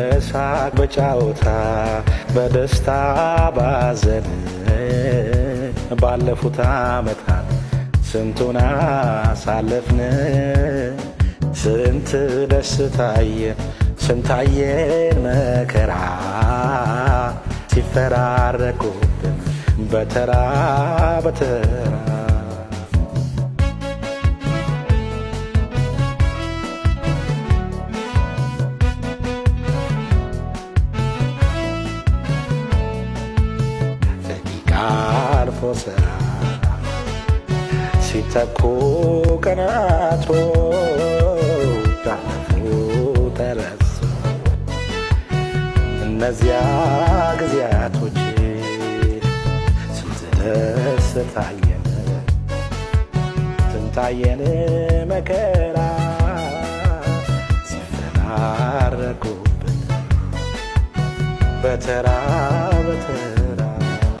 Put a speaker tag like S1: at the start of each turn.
S1: በሳቅ በጫወታ በደስታ ባዘን ባለፉት ዓመታት ስንቱን አሳለፍን ስንት ደስታየን ስንታየን መከራ ሲፈራረቁብን በተራ በተራ አርፎ ሰዓት ሲተኩ ቀናቶ ዳለፉ ተረሱ እነዚያ ጊዜያቶች ስንት ደስ ታየን ስንታየን መከራ ሲፈራረቁብን በተራ በተራ